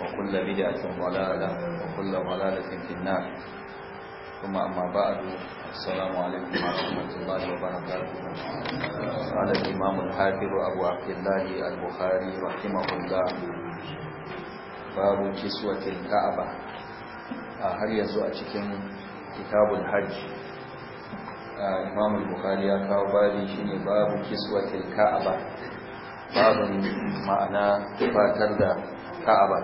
وكل بدعة ضلالة وكل ضلالة في النار ثم أما بعد السلام عليكم ورحمة الله وبركاته قال الإمام الحافظ أبو عبد الله البخاري رحمه الله باب كسوة الكعبة هل يزوء تكن كتاب الحج إمام البخاري ya kawo babi باب كسوة الكعبة باب معنى ma'ana tufatar كعبة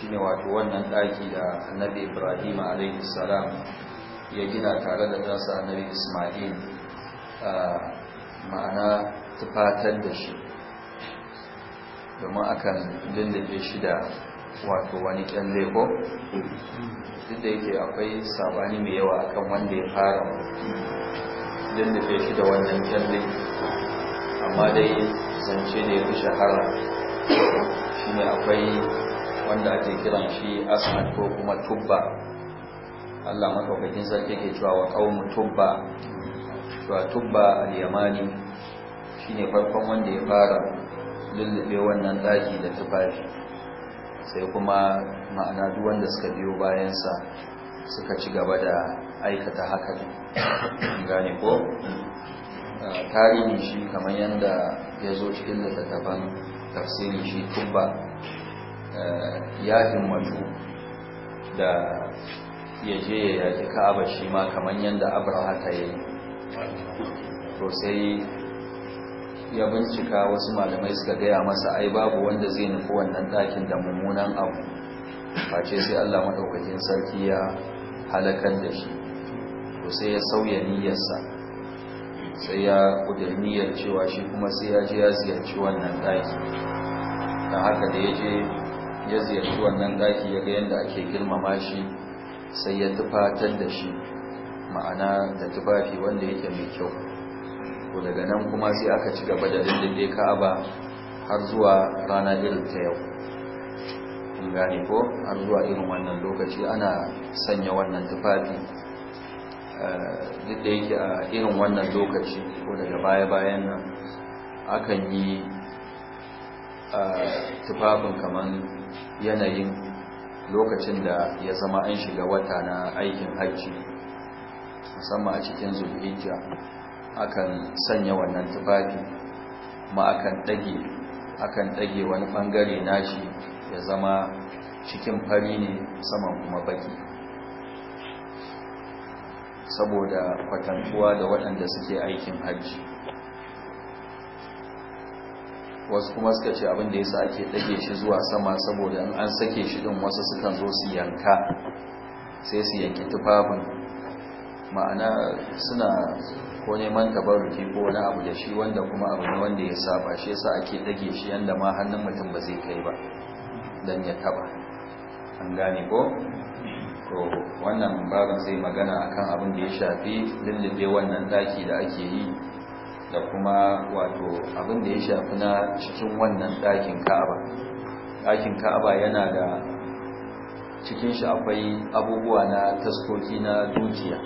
shine wato wannan daki da annabi ibrahim alaihi salam ya gina tare da tasa annabi isma'il ma'ana tufatar da shi domin akan lullube shi da wato wani kyalle ko duk da yake akwai sabani mai yawa akan wanda ya fara lullube shi da wannan kyalle amma dai zance da ya fi shahara shine akwai wanda ake kiran shi asmat ko kuma tubba Allah madaukakin sarki yake cewa wa qaumu tubba cewa tubba al-yamani shine farkon wanda ya fara lullube wannan daki da tufafi sai kuma ma'ana duk wanda suka biyo bayan sa suka ci gaba da aikata haka gane ko Tarihi shi kamar yanda ya zo cikin littattafan tafsirin shi tubba Eh, ya himmatu da yaje ya yaki ka'aba shi ma kamar yadda abraha ta yi to sai ya bincika wasu malamai suka gaya masa ai babu wanda zai nufi wannan ɗakin da mummunan abu face sai allah maɗaukakin sarki ya halakar da shi to sai ya sauya niyyarsa sai ya ƙudiri niyyar cewa shi kuma sai ya je ya ziyarci wannan ɗaki don haka da ya je ya ziyarci wannan daki ya ga yadda ake girmama shi sai ya tufatar da shi ma'ana da tufafi wanda yake mai kyau ko daga nan kuma sai aka ci gaba da dindinde ka'aba har zuwa rana irin ta yau in gane ko har zuwa irin wannan lokaci ana sanya wannan tufafi eh, duk da yake a irin wannan lokaci ko daga baya-bayan nan akan yi eh, tufafin kamar yanayin lokacin da ya zama an shiga wata na aikin hajji musamman a cikin zulhijja akan sanya wannan tufafi ma akan ɗage akan dage wani bangare nashi ya zama cikin fari ne saman kuma baki saboda kwatantuwa da waɗanda suke aikin hajji wasu kuma suka ce abin da sa ake ɗage shi zuwa sama saboda an sake shi din wasu sukan zo su yanka sai su yanki tufafin ma'ana suna ko neman rufi ko wani abu da shi wanda kuma abu ne wanda ya saba shi sa ake ɗage shi yanda ma hannun mutum ba zai kai ba don ya taba an gane ko Ko wannan babin zai magana akan abin da ya shafi lullube wannan daki da ake yi da kuma wato abin da ya shafi na cikin wannan ɗakin ka'aba ɗakin ka'aba yana da cikin shi akwai abubuwa na taskoki na dukiya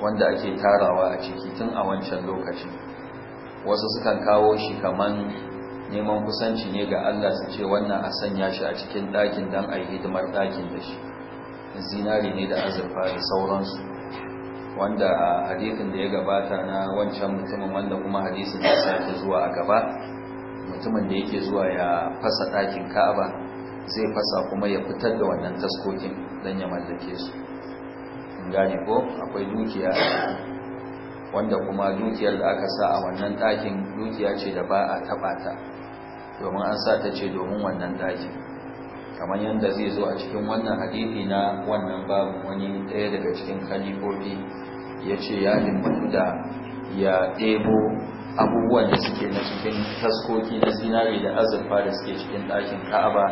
wanda ake tarawa a ciki tun a wancan lokaci wasu sukan kawo shi kaman neman kusanci ne ga Allah su ce wannan a sanya shi a cikin ɗakin don a yi hidimar ɗakin da shi zinari ne da azurfa da sauransu wanda a hadithin da ya gabata na wancan mutumin wanda kuma hadisin ya sake zuwa a gaba mutumin da yake zuwa ya fasa ɗakin ka'aba zai fasa kuma ya fitar da wannan taskokin don ya mallake su gane ko akwai dukiya wanda kuma dukiyar da aka sa a wannan ɗakin dukiya ce da ba a taɓa ta domin an sa ta ce domin wannan ɗakin kamar yadda zai zo a cikin wannan hadithi na wannan babu wani ɗaya daga cikin kalifofi ya ce ya da ya ɗebo abubuwan da suke na cikin taskoki na zinari da azurfa da suke cikin ɗakin ka'aba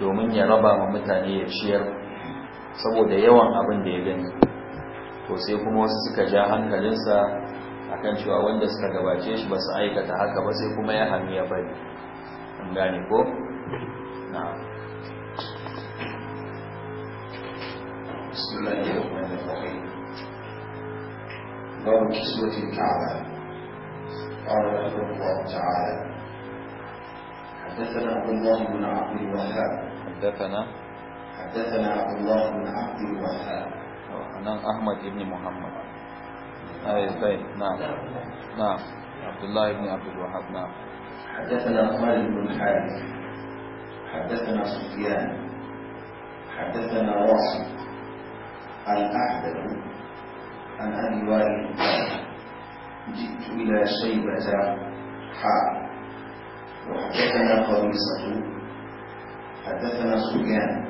domin ya raba ma mutane ya ciyar saboda yawan abin da ya gani to sai kuma wasu suka ja hankalinsa kan cewa wanda suka gabace shi ba su aikata haka ba sai kuma ya hannu ya bari an gane ko الله الرحمن الرحيم باب كسوة الكعبة قال رحمه الله تعالى حدثنا عبد الله بن عبد الوهاب حدثنا حدثنا عبد الله بن عبد الوهاب حنان أحمد بن محمد أي زيد نعم نعم عبد الله بن عبد الوهاب نعم حدثنا خالد بن حارث حدثنا سفيان حدثنا واصل الأحدث عن أبي وائل جئت إلى شيبة حاء وحدثنا قميصة حدثنا سفيان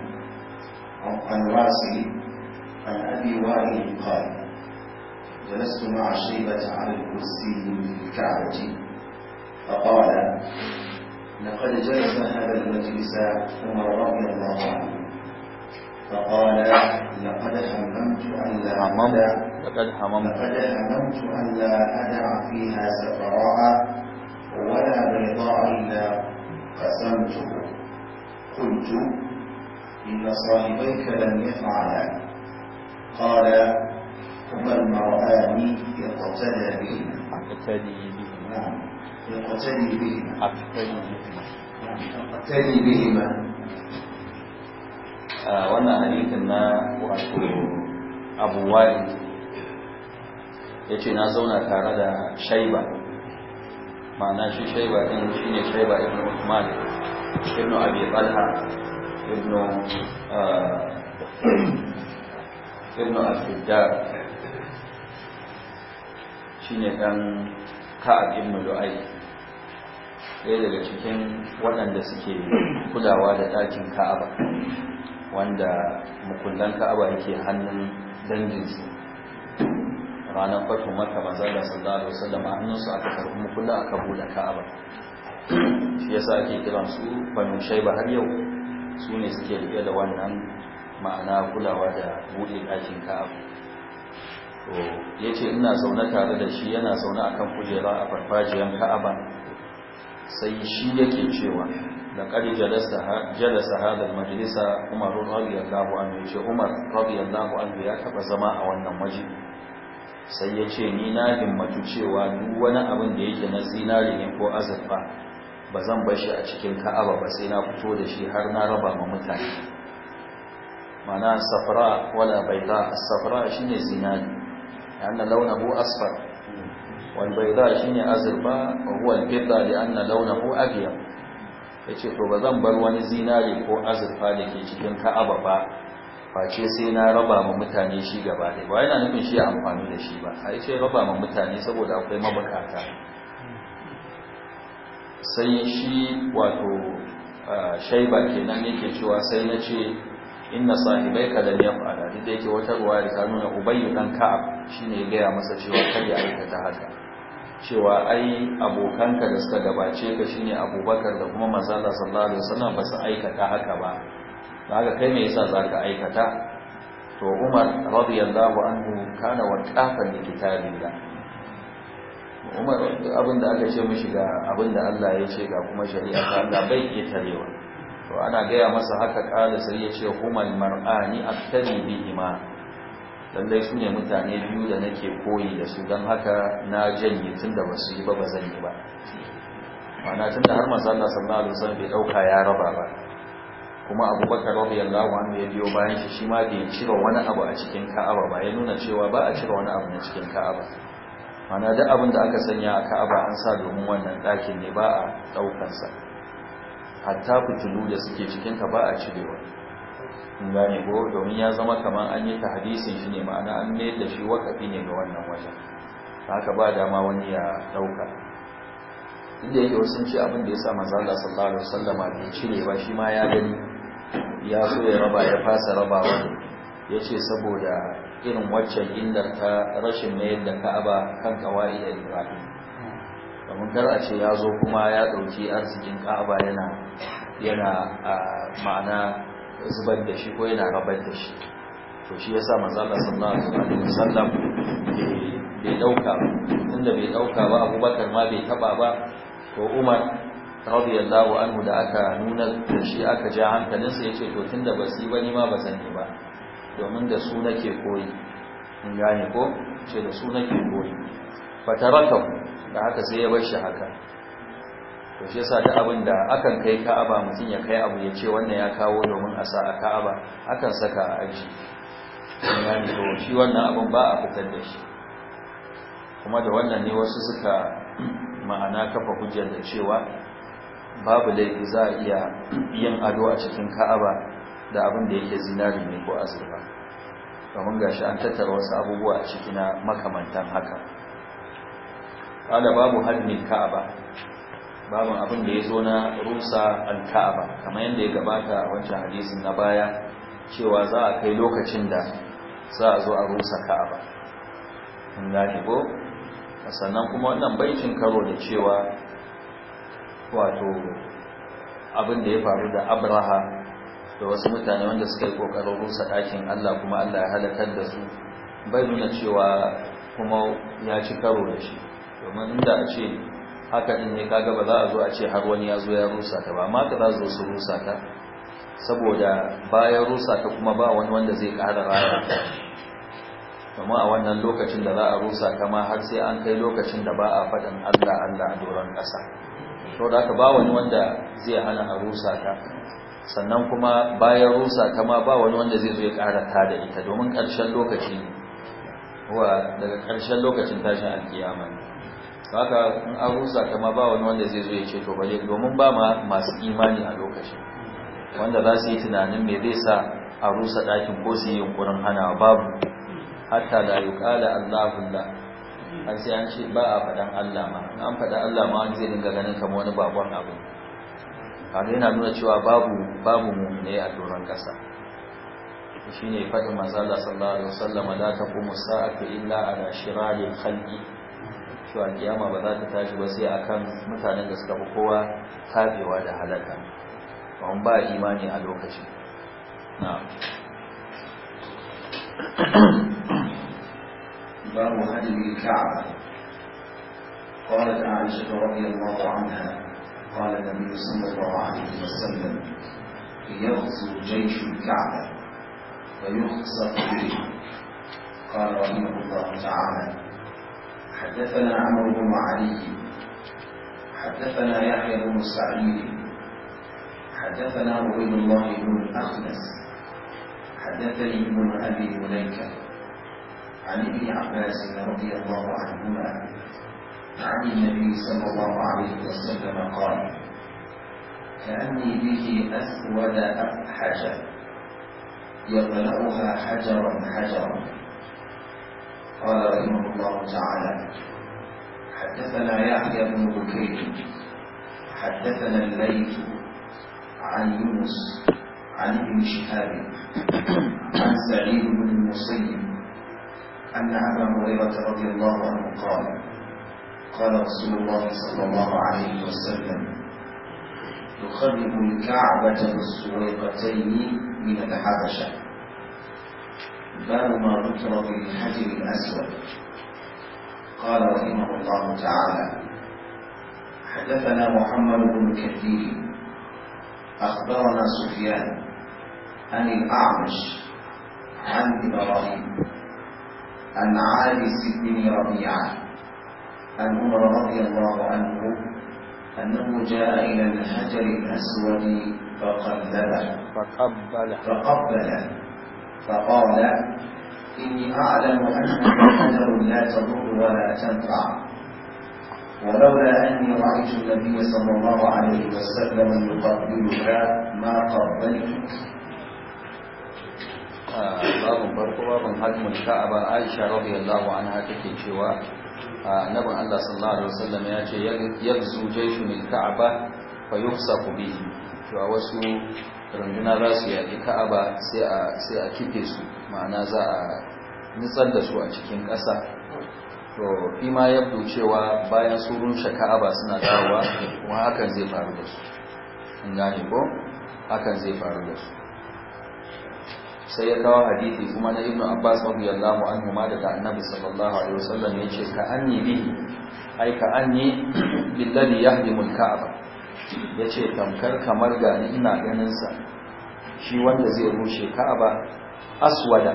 عن راسي عن أبي وائل قال جلست مع شيبة على الكرسي في الكعبة فقال لقد جلس هذا المجلس عمر رضي الله عنه فقال لقد حممت أن لا أدع لقد أن لا أدع فيها سفراء ولا بيضاء إلا قسمته قلت إن صاحبيك لم يفعلا قال هما المرآن يقتدى بهما اقتدي بهما نعم يقتدي بهما اقتدي بهما نعم، wannan hadithin na wato abu wa'id ya ce na zauna tare da shaiba ma'ana shi shaiba ɗin shi ne shaiba ibn Uthman ibn Abi Talha ibn al-Fiddar shi ne ɗan ka'ad ibn lu'ai ɗaya daga cikin waɗanda suke kulawa da ɗakin Ka'aba wanda mukullan ka'aba yake hannun danginsu ranar fatin maka mazala sallallahu alaihi wasallam a hannunsu aka karɓi mukulla aka bude ka'aba shi yasa ake kiran su banu ba har yau su ne suke rike da wannan ma'ana kulawa da buɗe ɗakin ka'aba to yace ina zaune tare da shi yana zaune kan kujera a farfajiyar ka'aba sai shi yake cewa لقد جلس جلس هذا المجلس عمر رضي الله عنه يجي عمر رضي الله عنه ya كبا zama a wannan waje sai ya ce ni na himmatu cewa duk wani abin da yake na zinare ne ko azurfa ba zan bar shi a cikin ka'aba ba sai na fito da shi har na raba ma mutane mana safra wala bayda safra shine zinari yana launahu asfar wal bayda shine azurfa huwa al-fidda li anna launahu abyad ya ce to ba zan bar wani zinari ko azurfa da ke cikin ka'aba ba face sai na raba ma mutane shi gaba da ba yana nufin shi amfani da shi ba a ce raba ma mutane saboda akwai mabukata sai shi wato shaiba nan yake cewa sai na ce inna sahibai ka da niyan fada duk da yake wata ruwa da ta nuna ubayyukan dan ka'ab shine ya gaya masa cewa kada ya aikata haka cewa ai abokanka da suka gabace ka shine abubakar da kuma mazala sallallahu alaihi wasallam ba su aikata haka ba haka kai me yasa zaka aikata to umar radiyallahu anhu kana waqafan li kitabillah umar abinda aka ce mishi ga abinda Allah ya ce ga kuma shari'a ta Allah bai tarewa to ana gaya masa haka kala sai ya ce al mar'ani aktani ma. lallai su ne mutane biyu da nake koyi da su don haka na janye tun da basu yi ba ba zan yi ba mana tun da har mazalla sallallahu alaihi bai dauka ya raba ba kuma abubakar radiyallahu anhu ya biyo bayan shi shi ma bai cire wani abu a cikin ka'aba ba ya nuna cewa ba a cire wani abu na cikin ka'aba mana duk abin da aka sanya a ka'aba an sa domin wannan ɗakin ne ba a ɗaukansa hatta fitilu da suke cikinka ba a cirewa gane ko domin ya zama kamar an yi ta hadisin shi ne ma'ana an mayar da shi wakafi ne ga wannan wajen haka ba dama wani ya ɗauka inda yake wasu ce abin da ya sa manzala sallallahu alaihi wasallama bai cire ba shi ma ya gani ya so ya raba ya fasa rabawa ya ce saboda irin waccan inda ta rashin mayar da ka'aba kan kawai da ibrahim domin kar a ce ya zo kuma ya ɗauki arzikin ka'aba yana yana ma'ana zubar da shi ko yana rabar da shi to shi yasa manzo Allah sallallahu alaihi wasallam bai dauka inda bai dauka ba Abubakar ma bai taba ba to Umar radiyallahu anhu da aka nuna da shi aka ja hankalinsa ya ce to tunda ba su yi ba ni ma ba san ba domin da su nake koyi in gane ko ce da su nake koyi fatarakau da haka sai ya bar shi haka to shi yasa duk abin da akan kai ka'aba mutum ya kai abu ya ce wannan ya kawo domin a sa a ka'aba akan saka a aji yana to shi wannan abin ba a fitar da shi kuma da wannan ne wasu suka ma'ana kafa hujjar da cewa babu laifi za a iya yin ado a cikin ka'aba da abin da yake zinari ne ko azurfa domin gashi an tattara wasu abubuwa a ciki na makamantan haka قال babu حد ka'aba. babin abin da ya zo na rusa alka'aba kamar yadda ya gabata a wancan hadisin na baya cewa za a kai lokacin da za a zo a rusa ka'aba kun gane ko sannan kuma wannan baikin karo da cewa wato abin da ya faru da abraha da wasu mutane wanda suka yi kokarin rusa ɗakin allah kuma allah ya halakar da su bai nuna cewa kuma ya ci karo da shi domin inda a ce haka din ne kaga ba za a zo a ce har wani ya zo ya rusa ta ba amma ka za su rusa ta saboda bayan rusa ta kuma ba wani wanda zai ƙara raya ta kuma a wannan lokacin da za a rusa ta ma har sai an kai lokacin da ba a faɗin Allah Allah a doron ƙasa saboda haka ba wani wanda zai hana a rusa ta sannan kuma bayan rusa ta ma ba wani wanda zai zo ya ƙara ta da ita domin ƙarshen lokaci wa daga ƙarshen lokacin tashin alkiyama ne haka in an rusa kama ba wani wanda zai zo ya ce to bane domin ba masu imani a lokacin wanda za su yi tunanin me zai sa a rusa ɗakin ko su yi yunkurin hana babu hatta la yuqala Allahu la an sai an ce ba a faɗan Allah ma an faɗa Allah ma wani zai dinga ganin kamar wani babon abu kaga yana nuna cewa babu babu mu'mini a doron ƙasa shine faɗin manzo Allah sallallahu alaihi wasallam la taqumu sa'atu illa ala shirari khalqi cewa kiyama ba za ta tashi ba sai akan mutanen da suka kowa tabewa da halaka wani ba imani a lokaci na ba mu hadin ka'aba قالت عائشة رضي الله عنها قال النبي صلى الله عليه وسلم يغزو جيش الكعبة ويخسف به قال رحمه الله تعالى حدثنا عمرو بن علي حدثنا يحيى بن سعيد حدثنا عبيد الله بن الأخنس حدثني ابن أبي مليكة عن ابن عباس رضي الله عنهما عن النبي صلى الله عليه وسلم قال كأني به أسود حجر يطلعها حجرا حجرا رحمه الله تعالى حدثنا يحيى بن بكير حدثنا الليث عن يونس عن ابن شهاب عن سعيد بن المسيب أن أبا هريرة رضي الله عنه قال قال رسول الله صلى الله عليه وسلم يخرب الكعبة بالسويقتين من الحبشة باب ما ذكر في الحجر الأسود قال رحمه الله تعالى حدثنا محمد بن كثير أخبرنا سفيان عن الأعمش عن إبراهيم عن عابس بن ربيعة عن عمر رضي الله عنه أنه جاء إلى الحجر الأسود فقبله فقبله فقبله فقال إني أعلم أنك حجر لا تضر ولا تنفع ولولا أني رأيت النبي صلى الله عليه وسلم يقبلك ما قبلتك babin farko babin hajjumul ka'aba aisha radiyallahu anha take cewa annabin Allah sallallahu alaihi wasallam ya ce yanzu jaishun ka'aba fa yufsaku bihi to a wasu rundunar za su yaƙi ka'aba sai a kife su ma'ana za a nitsar da su a cikin ƙasa to ima ya cewa bayan su rushe ka'aba suna dawowa kuma hakan zai faru da su in gane ko hakan zai faru da su sai ya kawo hadithi kuma na ibnu abbas radiyallahu an huma daga annabi sallallahu alaihi wasallam ce ka anni bi ai ka ni, billadhi ya al-ka'aba ya ce tamkar kamar gani ina ganinsa shi wanda zai rushe ka'aba aswada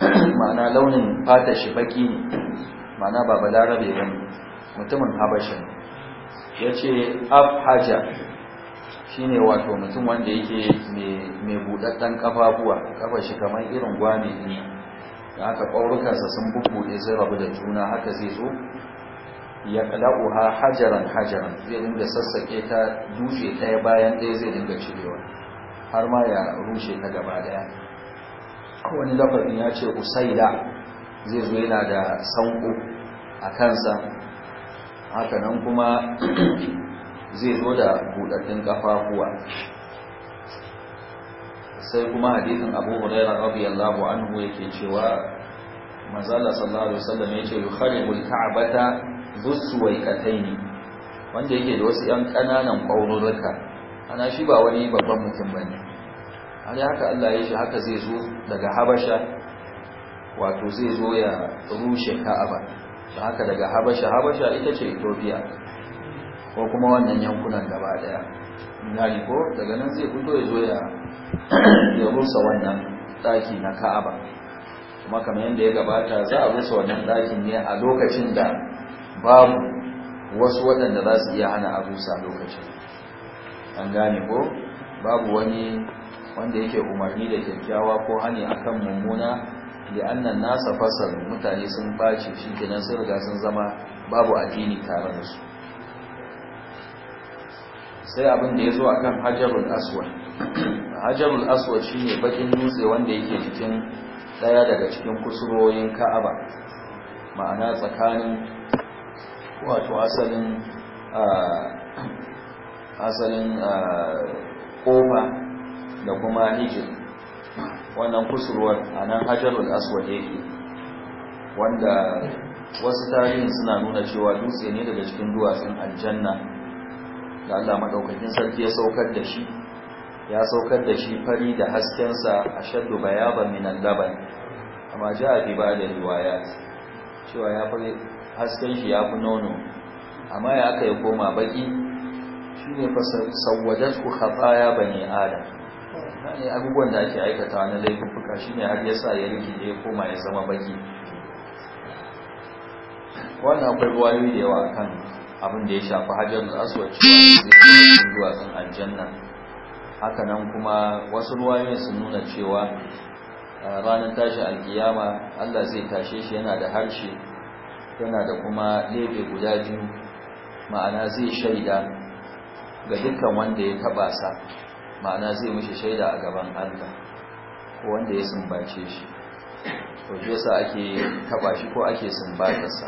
ma'ana launin fata shi baki ne ma'ana ba balarabe ba ne mutumin habashin ya ce abhaja shi ne wato mutum wanda yake mai buɗaɗɗen ƙafafuwa ƙafa shi kamar irin gwani ne da haka ƙaurukansa sun bubbuɗe sai rabu da juna haka zai zo ya kala'uha hajaran hajaran zai dinga sassake ta dushe ɗaya bayan ɗaya zai dinga cirewa har ma ya rushe ta gaba ɗaya wani lafafin ya ce usaila zai zo yana da sanko a kansa hakanan kuma zai zo da buɗaɗɗun ƙafafuwa sai kuma hadithin abu hurairah radiyallahu anhu yake cewa manzala sallallahu alaihi wasallam yace yukharibu al-ka'bata busu wai kataini wanda yake da wasu 'yan kananan ƙwaururruka ana shi ba wani babban mutum ba ne an haka Allah ya shi haka zai zo daga habasha wato zai zo ya rushe ka'aba da haka daga habasha habasha ita ce ethiopia ko kuma wannan yankunan gaba daya gani ko daga nan zai fito ya zo ya ya rusa wannan daki na ka'aba kuma kamar yadda ya gabata za a rusa wannan dakin ne a lokacin da babu wasu waɗanda za su iya hana abusa lokacin an gane ko babu wani wanda yake umarni da kyakkyawa ko hani akan mummuna da annan nasa fasar mutane sun bace shi kenan sun riga sun zama babu addini tare da su sai abin da ya zo a akan hajarul aswad hajarul aswad shine bakin dutse wanda yake jikin ɗaya daga cikin kusurwoyin ka'aba ma'ana tsakanin wato asalin asalin kofa da kuma hijir wannan kusurwar a nan hajjarul aswad yake wanda wasu tarihin suna nuna cewa dutse ne daga cikin duwatsun aljanna da allah maɗaukakin sarki ya saukar da shi ya saukar da shi fari da haskensa a shaddu bayaban minan laban amma ja a fi ba da riwayat cewa ya fi hasken shi ya fi nono amma ya aka yi koma baki shi ne fasawwadat ku khataya bani adam ne abubuwan da ake aikata na laifuka shi ne har sa ya rikide ya koma ya zama baki wannan akwai ruwayoyi da yawa kan abin da ya shafi hajjar da aswad cewa zuwa kan aljanna haka kuma wasu ruwayoyin sun nuna cewa ranar tashi alkiyama Allah zai tashe shi yana da harshe yana da kuma lebe guda biyu ma'ana zai shaida ga dukkan wanda ya taba sa ma'ana zai mishi shaida a gaban Allah ko wanda ya sumbace shi to yasa ake taba shi ko ake sumbatarsa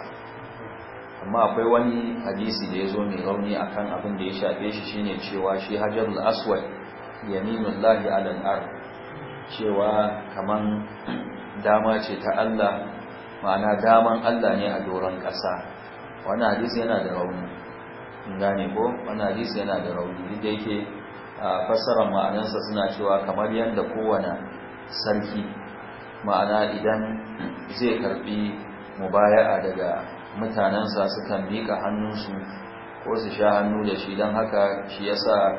amma akwai wani hadisi da ya zo mai rauni akan abin da ya shafe shi shine cewa shi hajarul aswad yaminullahi alal ard cewa kaman dama ce ta Allah ma'ana daman Allah ne a doron ƙasa Wani hadisi yana da rauni in gane ko Wani hadisi yana da rauni duk da yake fassarar ma'anansa suna cewa kamar yadda kowane sarki ma'ana idan zai karbi mubaya'a daga mutanensa sukan miƙa hannunsu ko su sha hannu da shi don haka shi ya sa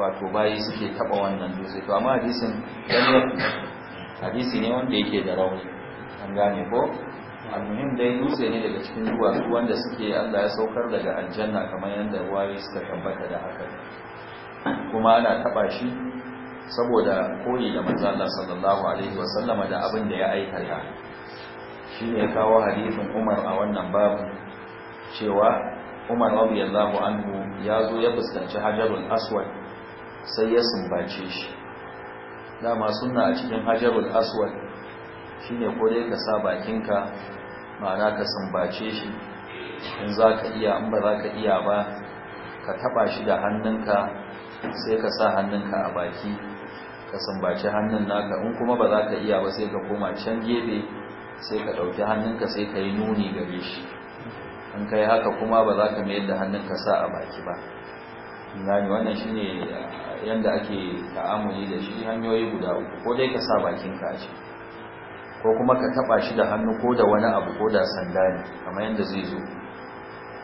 wato bayi suke taɓa wannan dutse to amma hadisin hadisi ne wanda yake da rauni an gane ko almuhim dai dutse ne daga cikin duwatsu wanda suke allah ya saukar daga aljanna kamar yadda wari suka tabbata da haka kuma ana taba shi saboda koyi da manzo Allah sallallahu alaihi wasallama da abin da ya aikata Shi ne kawo hadisin Umar a wannan babu cewa Umar radiyallahu anhu ya zo ya fuskanci Hajarul Aswad sai ya sumbace shi dama sunna a cikin Hajarul Aswad shi ko dai ka sa bakinka ma'ana ka sumbace shi in za ka iya in ba za ka iya ba ka taba shi da hannunka sai ka sa hannunka a baki ka sumbace hannun naka in kuma ba za ka iya ba sai ka koma can gefe sai ka ɗauki hannunka sai ka yi nuni gare shi in ka yi haka kuma ba za ka mayar da hannunka sa a baki ba gani wannan shi ne yadda ake ta'amuli da shi hanyoyi guda uku ko dai ka sa bakinka a ciki ko kuma ka taba shi da hannu ko da wani abu ko da sanda ne kamar yadda zai zo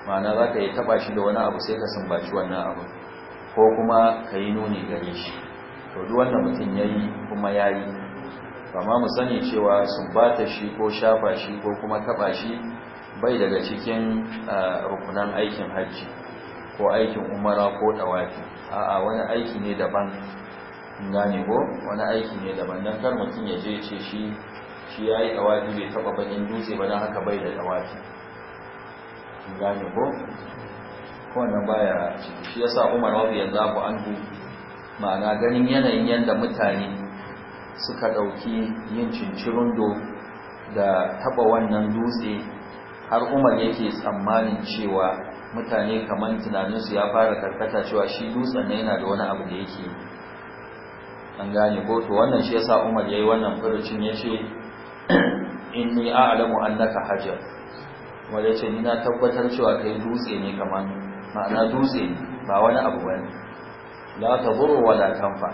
ma'ana za ka yi taba shi da wani abu sai ka sumbaci wannan abu ko kuma ka yi nuni gare shi to duk wanda mutum ya yi kuma ya yi amma mu sani cewa sumbata shi ko shafa shi ko kuma taba shi bai daga cikin rukunan aikin hajji ko aikin umara ko dawafi a'a wani aiki ne daban gane ko wani aiki ne daban dan kar mutum ya je ce shi shi ya yi ɗawafi bai taɓa bakin dutse ba don haka bai da ɗawafi gane ko kowane baya ciki shi ya sa Umar radiyallahu anhu ma'ana ganin yanayin yadda mutane suka ɗauki yin cincirin do da taɓa wannan dutse har Umar yake tsammanin cewa mutane kamar tunaninsu ya fara karkata cewa shi dutsen na yana da wani abu da yake an gane ko to wannan shi ya sa Umar ya yi wannan furucin yace inni a'lamu annaka hajar wanda yace ni na tabbatar cewa kai dutse ne kamar ma'ana dutse ba wani abu bane la taburu wala tanfa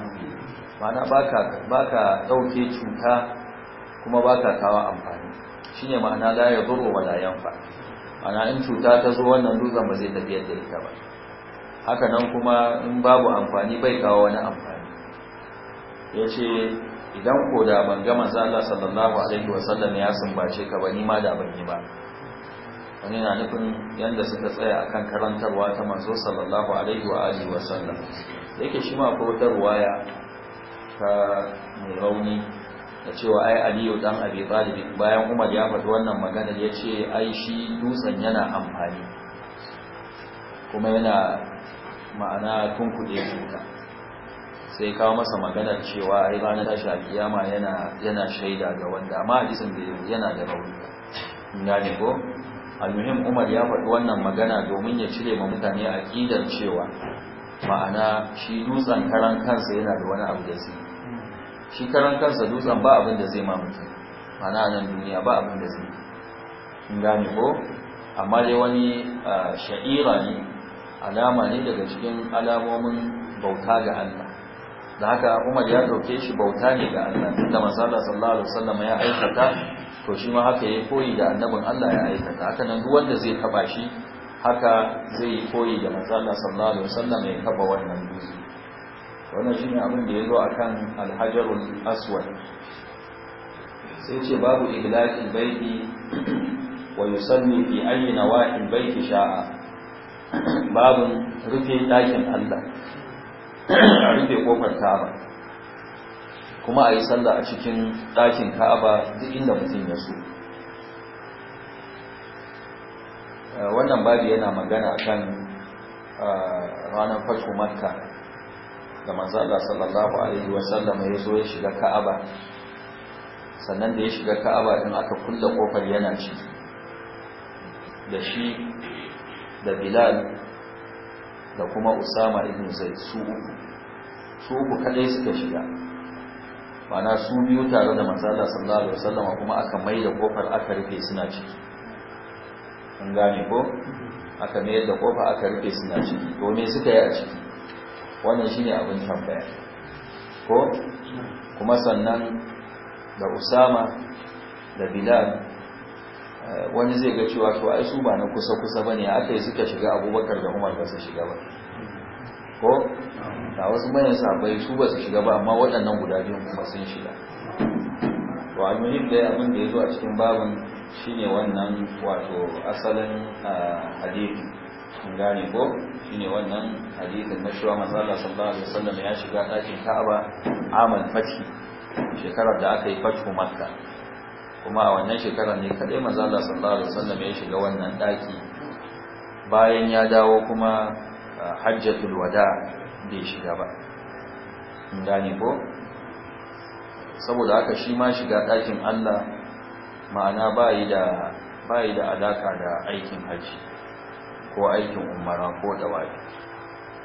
ma'ana baka baka dauke cuta kuma baka kawo amfani shine ma'ana la yaduru wala yanfa ma'ana in cuta ta zo wannan dutsen ba zai tafi da ita ba haka nan kuma in babu amfani bai kawo wani amfani yace idan ko da ban ga manzo Allah sallallahu alaihi wasallam ya sumbace ka ba ni ma da ban yi ba wani na nufin yanda suka tsaya akan karantarwa ta manzo sallallahu alaihi wa alihi wasallam yake shi ma ko da ruwaya ta mai rauni da cewa ai Aliyu dan Abi Talib bayan Umar ya faɗi wannan magana ya ce ai shi dutsen yana amfani kuma yana ma'ana tunkuɗe cuta sai kawo masa maganar cewa ai ranar tashi alkiyama yana yana shaida ga wanda amma hadisin da yana da rauni gane ko almuhim Umar ya faɗi wannan magana domin ya cire ma mutane aqidar cewa ma'ana shi dutsen karan kansa yana da wani abu da zai shi karan kansa dutsen ba abin da zai ma mutum ma'ana nan duniya ba abin da zai gane ko amma dai wani ah, sha'ira ne alama ne daga cikin alamomin bauta ga Allah da haka Umar ya dauke shi bauta ne ga Allah tunda manzo sallallahu alaihi wasallam ya aikata to shi ma haka yayi koyi da annabin Allah ya aikata haka nan duk wanda zai taba shi haka zai yi koyi da manzo sallallahu alaihi wasallam ya taba wannan dutse wannan shine abin da yazo akan al-hajarul aswad sai ce babu iglaqil baiti wa yusalli fi ayyi nawahil baiti sha'a Babu rufe dakin Allah a rufe kofar ka'aba kuma a yi sallah a cikin ɗakin ka'aba duk inda mutum ya so eh, wannan babu yana magana kan eh, ranar fashin makka da manzala sallallahu alaihi wasallama ya zo ya shiga ka'aba sannan da ya shiga ka'aba in aka kulle kofar yana ci da shi da bilal da kuma usama ibn zai su uku su uku kadai suka shiga mana su biyu tare da matsala sallallahu alaihi wasallam kuma aka mai da kofar aka rufe suna ciki an gane ko aka mai da kofar aka rufe suna ciki to me suka yi a ciki wannan shine abin tambaya ko kuma sannan da usama da bilal wani zai ga cewa to ai su ba na kusa-kusa ba ne aka yi suka shiga abubakar da umar ba su shiga ba ko da wasu manyan sabai su ba su shiga ba amma waɗannan guda biyun kuma sun shiga to almuhim dai abin da ya zo a cikin babin shine wannan wato asalin hadisi kun gane ko shine wannan hadisin na cewa manzo Allah sallallahu alaihi wasallam ya shiga ɗakin Ka'aba amal fathi shekarar da aka yi fathu Makka kuma a wannan shekarar ne kadai mazala sallallahu alaihi wasallam ya shiga wannan daki bayan ya dawo kuma hajjatul wada bai shiga ba ne ko saboda haka shi ma shiga dakin Allah ma'ana bai da bai da alaka da aikin haji ko aikin umara ko dawafi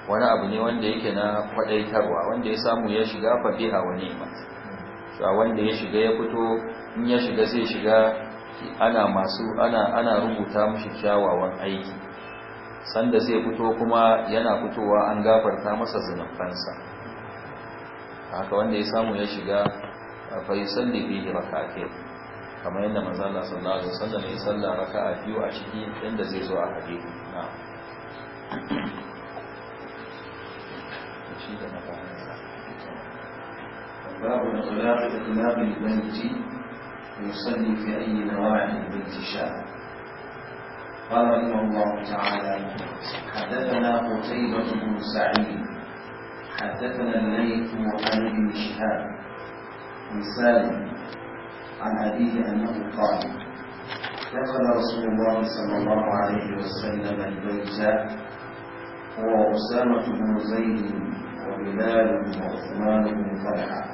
wani abu ne wanda yake na kwadaitarwa wanda ya samu ya shiga fa biha wa wanda ya shiga ya fito in ya shiga zai shiga ana masu ana ana rubuta mushi kyawawan aiki sanda zai fito kuma yana fitowa an gafarta masa zinafansa haka wanda ya samu ya shiga da yusalli a rak'atayn kamar yadda manzo Allah sallallahu alaihi wasallam ya salla a biyu a ciki inda zai zo a hadisi na babu na da kuma bin zanci يصلي في أي نواحي البيت شاء قال رحمه الله تعالى حدثنا قتيبة بن سعيد حدثنا الليث عن ابن شهاب عن سالم عن أبيه أنه قال دخل رسول الله صلى الله عليه وسلم البيت هو أسامة بن زيد وبلال وعثمان بن طلحة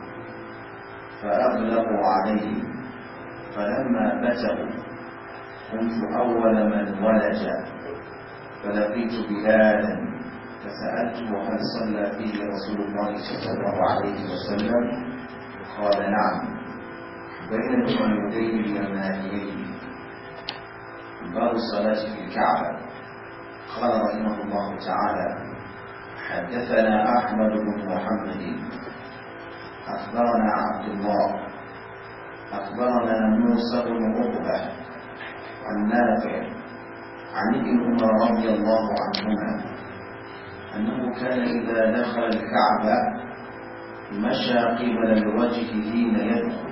فأغلقوا عليه فلما بلغوا كنت أول من ولج فلقيت بلالا فسألته هل صلى فيه رسول الله صلى الله عليه وسلم قال نعم بين الجنودين اليمانيين باب الصلاة في الكعبة قال رحمه الله تعالى حدثنا أحمد بن محمد أخبرنا عبد الله أخبرنا موسى بن عقبة عن نافع عن ابن عمر رضي الله عنهما أنه كان إذا دخل الكعبة مشى قبل الوجه حين يدخل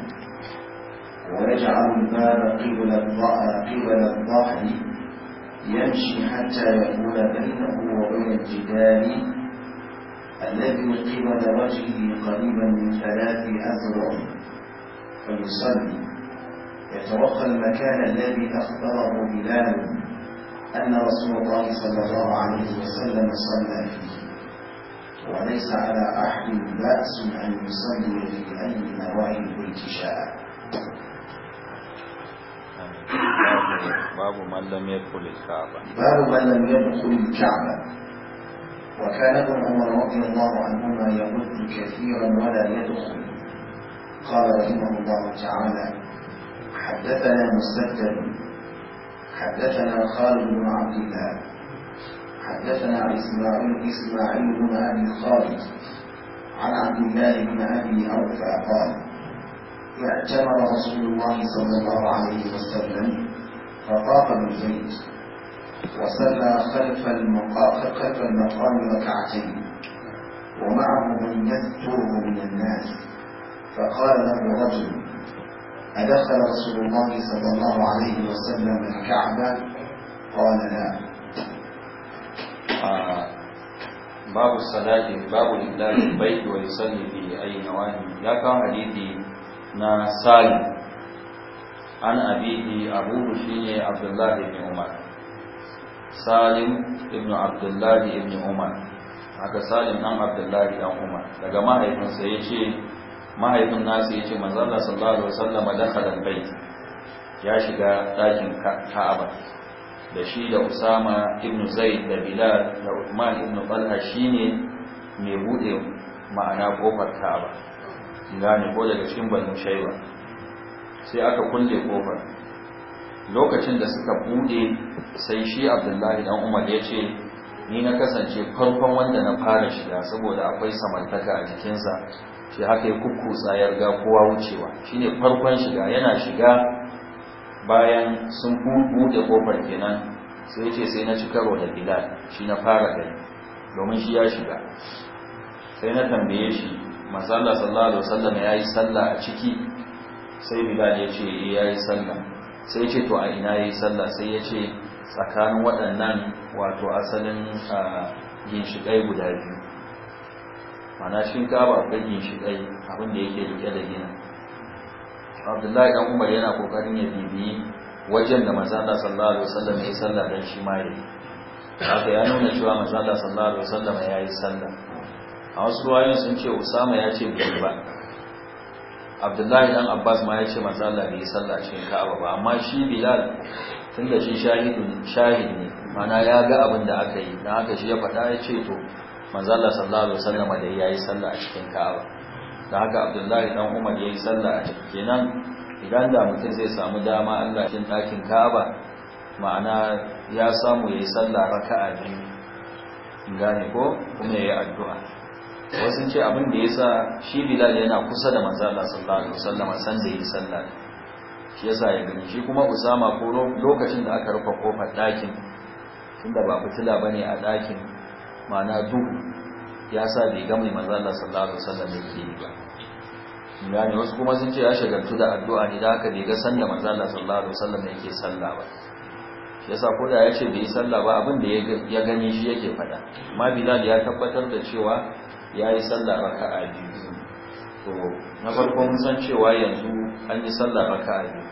ويجعل الباب قبل قبل الظهر يمشي حتى يكون بينه وبين الجدار الذي قبل وجهه قريبا من ثلاث أذرع فيصلي يتوقع المكان الذي أخبره بلال أن رسول الله صلى الله عليه وسلم صلى فيه وليس على أحد بأس أن يصلي في أي نواحي البيت شاء باب من لم يدخل الكعبة باب من لم يدخل الكعبة وكان ابن عمر رضي الله عنهما يمد كثيرا ولا يدخل قال رحمه الله تعالى حدثنا مسدد حدثنا خالد بن عبد الله حدثنا إسماعيل إسماعيل بن أبي خالد عن عبد الله بن أبي أوفى قال اعتمر رسول الله صلى الله عليه وسلم فطاف بالبيت وصلى خلف المقام خلف المقام ركعتين ومعه من يستره من الناس فقال له رجل أدخل رسول الله صلى الله عليه وسلم الكعبة قال لا آه، باب الصلاة باب إملاء البيت ويصلي في أي نواهي كان حديثي نا سالم عن أبيه أبوه شيني عبد الله بن عمر سالم ابن عبد الله بن عمر haka سالم نعم عبد الله umar عمر mahaifinsa ya سيشي mahaifin nasu ya ce mazalla sallallahu alaihi wasallama bai ya shiga dakin ka'aba da shi da usama ibn zaid da bilal da uthman ibn talha shine mai bude ma'ana kofar ka'aba gane ko daga cikin banu shayba sai aka kulle kofar lokacin da suka bude sai shi abdullahi dan umar ya ce ni na kasance farkon wanda na fara shiga saboda akwai samantaka a jikinsa shi haka ya kukkusa ya riga kowa wucewa shine farkon shiga yana shiga bayan sun buɗe ƙofar kenan sai ce sai na ci karo da bilal shi na fara gani domin shi ya shiga sai na tambaye shi masala sallallahu alaihi wasallam ya yi sallah a ciki sai bilal ya ce eh, ya yi sallah sai ce to a ina ya yi sallah sai ya ce tsakanin waɗannan wato asalin ah, ginshiƙai guda biyu ana shinkafa ɗanyen shi ɗai abin da yake rike da gina abdullahi dan umar yana kokarin ya bibiyi wajen da manzala sallallahu alaihi wasallam ya sallah dan shi ma yayi haka ya nuna cewa manzala sallallahu alaihi wasallam ya yi sallah a wasu ruwayoyin sun ce usama ya ce bai ba abdullahi dan abbas ma ya ce manzala bai yi sallah shi ka ba amma shi bilal tunda shi shahidun shahid ne mana ya ga abin da aka yi dan haka shi ya faɗa ya ce to manzala sallallahu alaihi wasallam da yayi sallah a cikin Ka'aba da haka Abdullahi dan Umar yayi sallah a cikin kenan idan da mutum zai samu dama Allah cikin ɗakin Ka'aba ma'ana ya samu yayi sallah raka'a biyu gane ko kuma yayi addu'a wasu ce abin da yasa shi Bilal yana kusa da manzala sallallahu alaihi wasallam san da yayi sallah shi yasa ya gani shi kuma Usama ko lokacin da aka rufe kofar ɗakin tunda ba fitila bane a ɗakin ma'ana duhu ya sa bai ga mai manzala sallallahu alaihi wasallam yake yi ba yani wasu kuma sun ce ya shagaltu da addu'a ne da haka bai ga sanda manzala sallallahu alaihi wasallam yake sallah ba yasa ko da ya ce bai yi sallah ba abin da ya gani shi yake faɗa amma bilal ya tabbatar da cewa ya yi sallah ka biyu to na farko mun san cewa yanzu an yi sallah ka biyu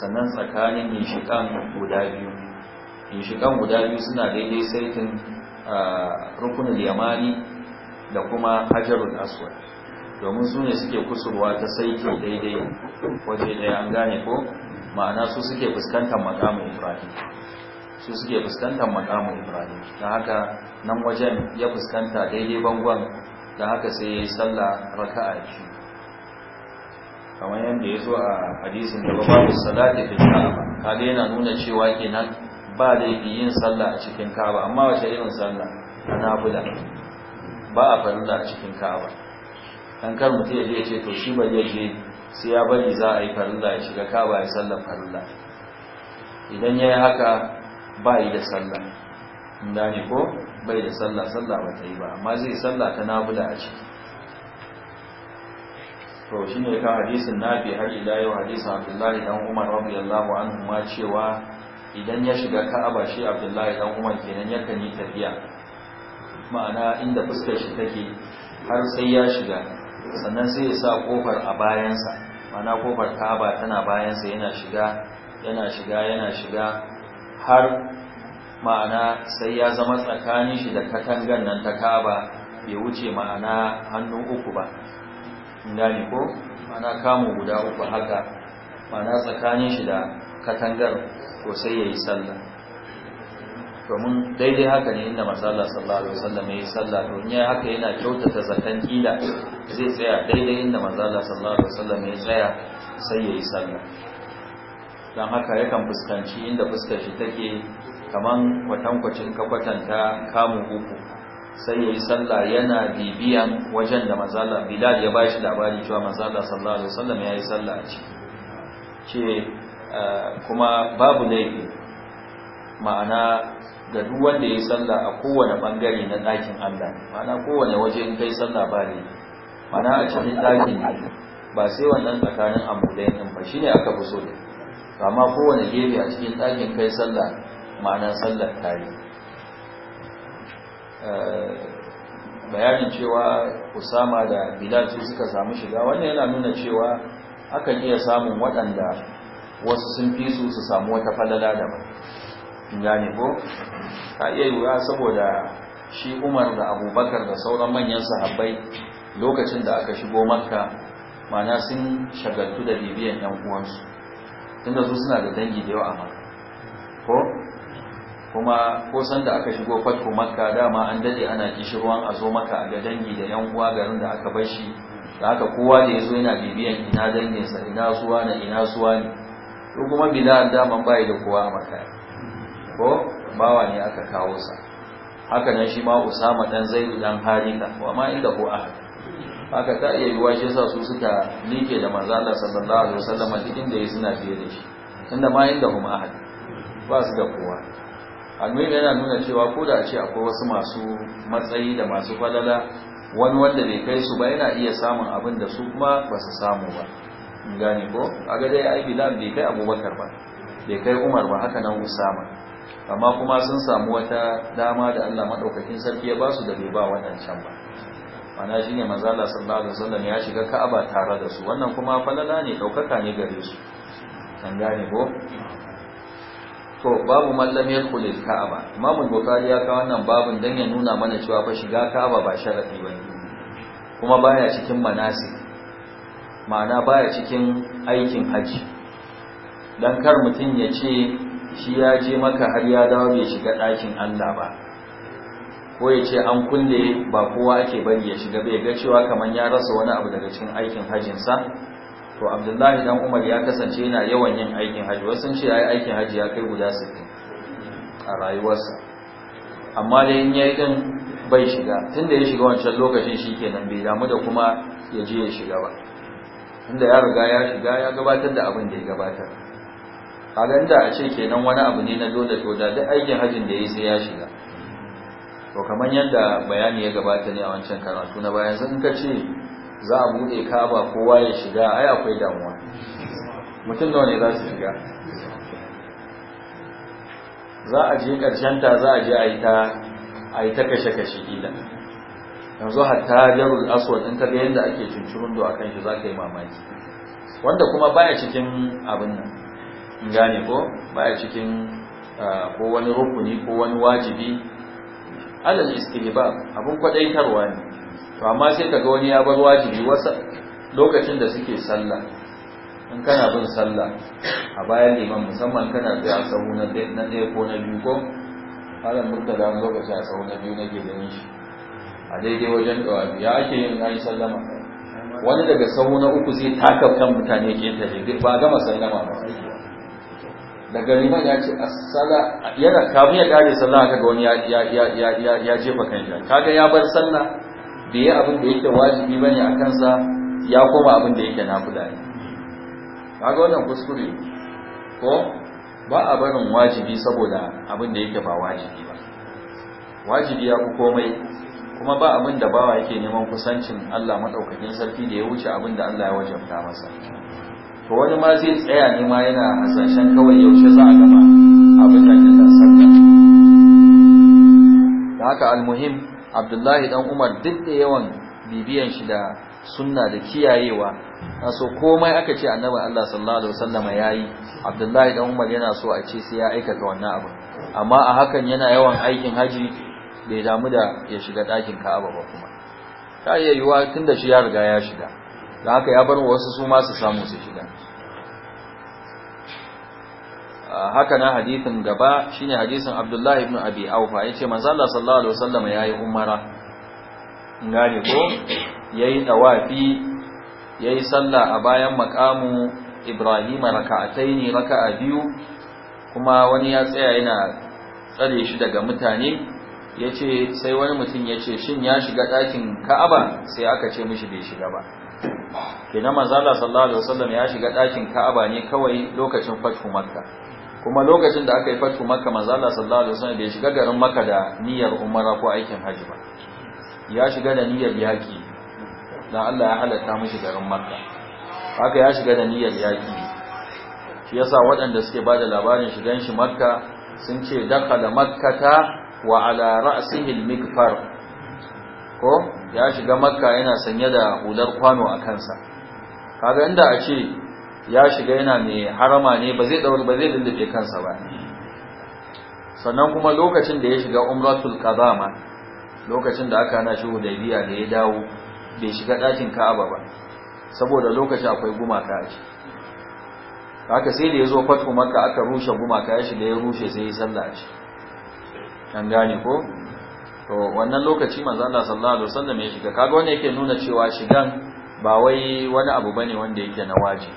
sannan tsakanin ginshiƙan guda biyu ginshiƙan guda biyu suna daidai saitin rukunin yamani da kuma Hajarul aswad domin su ne suke kusurwa ta saiki daidai waje ɗaya an gane ko ma'ana su suke fuskantar makamin ibrahim su suke fuskantar makamun ibrahim ta haka nan wajen ya fuskanta daidai bangon ta haka sai ya yi sallah raka'a biyu kamar yadda ya zo a hadisun da babu salatu fi ka'aba kada yana nuna cewa kenan ba laifi yin sallah a cikin kaba amma wace irin sallah na bula ba a farilla a cikin kaba dan kar mutu ya ce to shi ba ya je sai ya bari za a yi farilla ya shiga kaba ya sallar farilla idan ya yi haka ba yi da sallah ne ko bai da sallah sallah ba ta yi ba amma zai sallah ta bula a ciki to shi ne kan hadisin nafi har ila yau hadisin abdullahi dan umar radiyallahu anhu ma cewa idan ya shiga ka'aba shi abdullahi dan umar kenan yakan yi tafiya ma'ana inda fuskar shi take har sai ya shiga sannan sai ya sa kofar a bayansa ma'ana kofar ka'aba tana bayansa yana shiga yana shiga yana shiga har ma'ana sai ya zama tsakanin shi da katangan nan ta ka'aba bai wuce ma'ana hannu uku ba gane ko ma'ana kamu guda uku haka ma'ana tsakanin shi da katangar to sai ya yi sallah domin daidai haka ne inda mazala sallallahu alaihi wasallam ya yi sallah to in ya haka yana kyautata zaton kila zai tsaya daidai inda mazala sallallahu alaihi wasallam ya tsaya sai ya yi sallah don haka yakan fuskanci inda fuskar shi take kaman kwatankwacin ka kwatanta kamu uku sai ya yi sallah yana bibiyan wajen da mazala bilal ya bashi labari cewa mazala sallallahu alaihi wasallam ya yi sallah a ciki ce Eh, kuma babu laifi ma'ana ga duk wanda ya salla a kowane bangare na ɗakin Allah ma'ana kowane waje in kai salla ba ne ma'ana a cikin ɗakin ba sai wannan tsakanin ambulan din ba shine aka fi so ne amma kowane gefe a cikin ɗakin kai salla ma'ana sallar tare eh, bayanin cewa Usama da Bilal su suka samu shiga wannan yana nuna cewa akan iya samun waɗanda wasu sun fi su su samu wata falala daban gane ko ka iya yiwuwa saboda shi umar da abubakar da sauran manyan sahabbai lokacin da aka shigo makka mana sun shagaltu da bibiyan yan uwansu inda su suna da dangi da yau, a makka ko kuma ko san da aka shigo fatko makka dama an dade ana kishirwan a zo maka a ga dangi da yan uwa garin da aka bar shi da haka kowa da ya zo yana bibiyan ina danginsa ina suwa na ina suwa ne su kuma bilal daman bai da kowa a makai ko bawa ne aka kawo sa haka nan shi ma usama dan zaidu dan harika wa ma inda ko aka haka ta iya yiwuwa shi yasa su suka nike da manzo Allah sallallahu alaihi wasallam duk inda ya suna fiye da shi tunda ma inda kuma ahad ba su da kowa almuhim yana nuna cewa ko da a ce akwai wasu masu matsayi da masu falala wani wanda bai kai su ba yana iya samun abin da su kuma ba su samu ba gane ko kaga dai ai bilal bai kai abubakar ba bai kai umar ba haka nan usama amma kuma sun samu wata dama da Allah madaukakin sarki ya basu da bai ba waɗancan ba ana shine mazala sallallahu alaihi wasallam ya shiga ka'aba tare da su wannan kuma falala ne daukaka ne gare su an gane ko to babu mallam yadkhul kaaba imam al-bukhari ya ka wannan babun dan ya nuna mana cewa fa shiga ka'aba ba sharadi bane kuma baya cikin manasi. ma'ana baya cikin aikin hajji don kar mutum ya ce shi ya je maka har ya dawo bai shiga ɗakin Allah ba ko ya ce an kulle ba kowa ake bari ya shiga bai ga cewa kamar ya rasa wani abu daga cikin aikin hajjinsa to abdullahi dan umar ya kasance yana yawan yin aikin hajji wasu sun ce ya yi aikin hajji ya kai guda 60 a rayuwarsa amma da in ya yi din bai shiga tunda ya shiga wancan lokacin shi kenan bai damu da kuma ya je ya shiga ba inda ya riga ya shiga ya gabatar da abin da ya gabata. a ganda a ce kenan wani abu ne na dole to da duk aikin hajjin da ya yi sai ya shiga to kamar yadda bayani ya gabata ne a wancan karatu na bayan sun ka ce za a bude kaba kowa ya shiga ai akwai damuwa mutum nawa ne za su shiga za a je ƙarshen ta za a je a yi ta kashe-kashe idan yanzu hatta darul aswad in kaga yanda ake do akan shi zaka yi mamaki wanda kuma baya cikin abin nan in gane ko baya cikin ah, ko wani rukuni ko wani wajibi alal istihbab abun tarwa ne to amma sai ka ga wani ya bar wajibi wasa lokacin da suke sallah in kana bin sallah a bayan liman musamman kana da sahu na ɗaya ko na biyu ko alal murtala lokacin a sahu na biyu nake ganin shi a daidai wajen dawabi ya ake yin ayi sallama wani daga sahu na uku zai taka kan mutane ke tare ba gama sallama ba daga liman ya ce asala. yana kafin ya kare sallah kaga wani ya ya ya ya ya jefa kansa kaga ya bar sallah da yi abin da yake wajibi bane a kansa ya koma abin da yake nafila ne kaga wannan kuskure ko ba a barin wajibi saboda abin da yake ba wajibi ba wajibi ya fi komai kuma ba abin da bawa yake neman kusancin Allah madaukakin sarki da ya wuce abin da Allah ya wajabta masa to wani ma zai tsaya ne ma yana hasashen kawai yaushe za a gama abin da kin sarka da haka almuhim Abdullahi dan Umar duk da yawan bibiyan shi da sunna da kiyayewa so komai aka ce annabi Allah sallallahu alaihi wasallam yayi Abdullahi dan Umar yana so a ce sai ya aikata wannan abu amma a hakan yana yawan aikin haji bai damu da ya shiga ɗakin ka'aba ba kuma ta iya yiwuwa tun da shi ya riga ya shiga da haka ya bar wasu su ma su samu su shiga haka na hadithin gaba shine hadisin Abdullah ibn Abi Aufa yace manzo Allah sallallahu alaihi wasallam yayi umara ngare ko yayi tawafi yayi sallah a bayan maqamu Ibrahim raka'ataini raka'a biyu kuma wani ya tsaya yana tsare shi daga mutane ya ce sai wani mutum ya ce shin ya shiga ɗakin ka'aba sai aka ce mishi bai shiga ba Ke na manzala sallallahu alaihi wasallam ya shiga ɗakin ka'aba ne kawai lokacin fathu makka kuma lokacin da aka yi fathu makka manzala sallallahu alaihi wasallam bai shiga garin makka da niyyar umara ko aikin hajji ba ya shiga da niyyar yaƙi dan Allah ya halatta mishi garin makka haka ya shiga da niyyar yaƙi shi yasa waɗanda suke ba da labarin shigan shi makka sun ce dakala ta. wa ala ra'sihi al-mikfar ko ya shiga makka yana sanye da hular kwano a kansa kaga inda a ce ya shiga yana mai harama ne ba zai daure ba zai kansa ba sannan kuma lokacin da ya shiga umratul qadama lokacin da aka hana shi hudaybiya da ya dawo bai shiga dakin ka'aba ba saboda lokaci akwai gumaka a ciki haka sai da ya zo fatu makka aka rushe gumaka ya shiga ya rushe sai ya sallaci kan gane ko to wannan lokaci manzo Allah sallallahu alaihi wasallam ya shiga kaga wannan yake nuna cewa shigan ba wai wani abu bane wanda yake na waji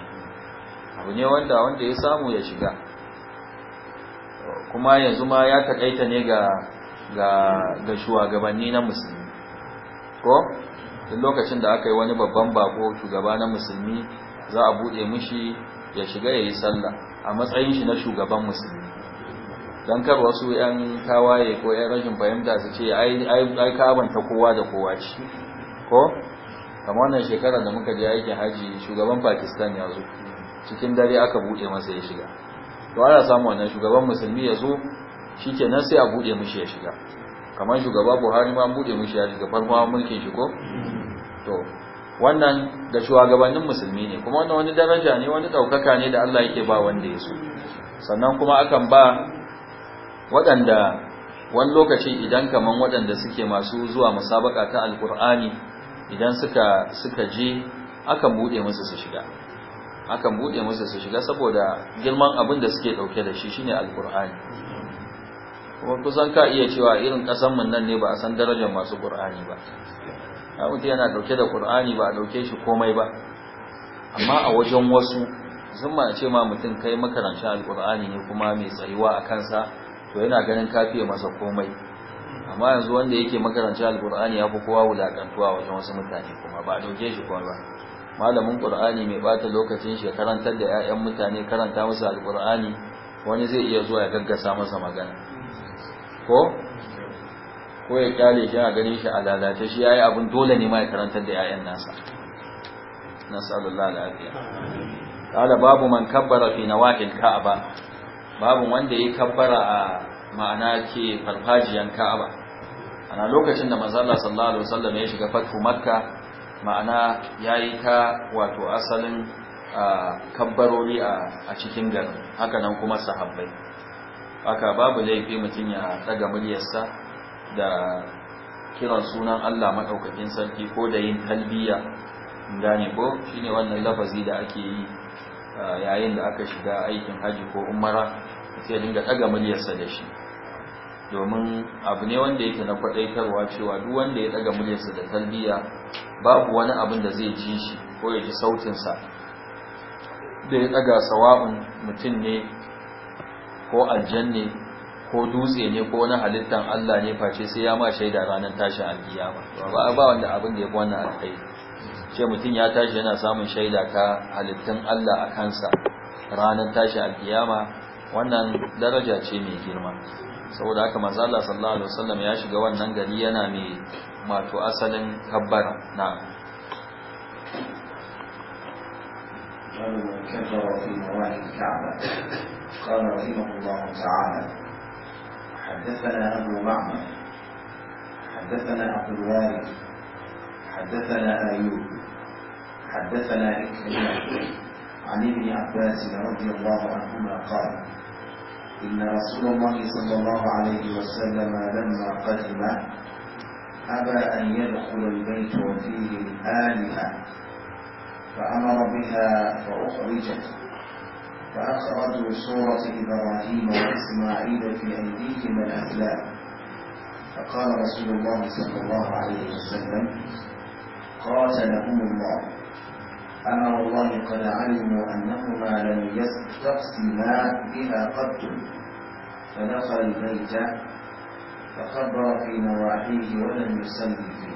abu ne wanda wanda ya samu ya shiga kuma yanzu ma ya takaita ne ga ga ga shugabanni na musulmi ko duk lokacin da aka yi wani babban bako shugaba na musulmi za a bude mishi ya shiga yayi sallah a matsayin shi na shugaban musulmi don kar wasu 'yan tawaye ko 'yan rashin fahimta su ce ai kaban ta kowa da kowa ce ko kama wannan shekarar da muka je aikin haji shugaban pakistan ya zo cikin dare aka buɗe masa ya shiga to ana samu wannan shugaban musulmi ya zo shi nan sai a buɗe mishi ya shiga kamar shugaba buhari ma buɗe mishi ya shiga farko mulkin shi ko to wannan da shugabannin musulmi ne kuma wannan wani daraja ne wani ɗaukaka ne da allah yake ba wanda ya so sannan kuma akan ba waɗanda wani lokaci idan kaman waɗanda suke masu zuwa musabaka ta alkur'ani idan suka suka je akan buɗe musu su shiga akan bude musu su shiga saboda girman abin da suke ɗauke da shi shine alkur'ani kuma kusan ka iya cewa irin kasan mun nan ne ba a san darajar masu qur'ani ba ya mutu yana ɗauke da qur'ani ba a dauke shi komai ba amma a wajen wasu zan ma ce ma mutum kai makarancin alkur'ani ne kuma mai tsayuwa a kansa to yana ganin kafiye masa komai amma yanzu wanda yake makaranci alkur'ani ya fi kowa wulakantuwa wajen wasu mutane kuma ba a ɗauke shi kuma ba malamin ƙur'ani mai ɓata lokacin shi karantar da 'ya'yan mutane karanta masa alkur'ani wani zai iya zuwa ya gaggasa masa magana ko ko ya kyale shi a ganin shi a lalace shi ya yi abin dole ne ma ya karantar da 'ya'yan nasa nasallallahu alaihi wa babu man kabbara fi nawahil ka'aba babu wanda ya kabbara a ma'ana ke farfajiyan ka'aba ana lokacin da manzo Allah sallallahu alaihi wasallam ya shiga fatu makka ma'ana yayi ta wato asalin kabbarori a cikin garin haka nan kuma sahabbai haka babu laifi mutum ya daga muryarsa da kiran sunan Allah maɗaukakin sarki ko da yin talbiya gane ko shine wannan lafazi da ake yi yayin da aka shiga aikin haji ko umara sai dinga daga muryarsa da shi domin abu ne wanda yake na kwadaitarwa cewa duk wanda ya daga muryarsa da talbiya babu wani abin da zai ji shi ko ya ji sautinsa da ya daga sawa'un mutum ne ko aljanne ko dutse ne ko wani halittan Allah ne face sai ya ma shaida ranar tashin alkiyama ba ba wanda abin da ya wannan alkhairi sai mutum ya tashi yana samun shaida ka halittun Allah a kansa ranar tashi alkiyama wannan daraja ce mai girma saboda haka manzo Allah sallallahu alaihi wasallam ya shiga wannan gari yana mai mato asalin kabbara na قال رحمه الله تعالى حدثنا أبو معمر حدثنا أبو الوارث حدثنا أيوب حدثنا إكرمة عن ابن عباس رضي الله عنهما قال إن رسول الله صلى الله عليه وسلم لما قدم أبى أن يدخل البيت وفيه الآلهة فأمر بها فأخرجت فأخرجوا صورة إبراهيم وإسماعيل في أيديهما الأسلام فقال رسول الله صلى الله عليه وسلم قاتلهم الله أمر الله قد علموا أنهما لم يستقسما بها قط فدخل البيت فخبر في نواحيه ولم يسلم فيه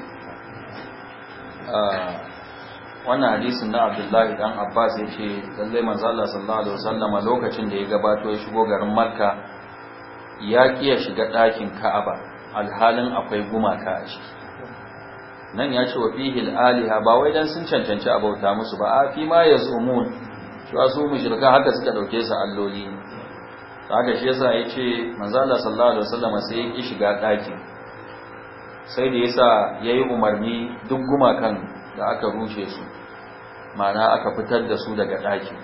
wannan hadisin na abdullahi dan abbas ya ce lallai manzala sallallahu alaihi wasallam lokacin da ya gabato ya shigo garin makka ya kiya shiga ɗakin ka'aba alhalin akwai gumaka a ciki nan ya ce wa fihi aliha ba wai dan sun cancanci a bauta musu ba a fi ma yazumun cewa su mushrika haka suka dauke su alloli haka shi yasa ce, manzo Allah sallallahu alaihi wasallam sai ya ki shiga daki sai da yasa yayi umarni duk gumakan da aka rushe su ma'ana aka fitar da su daga daki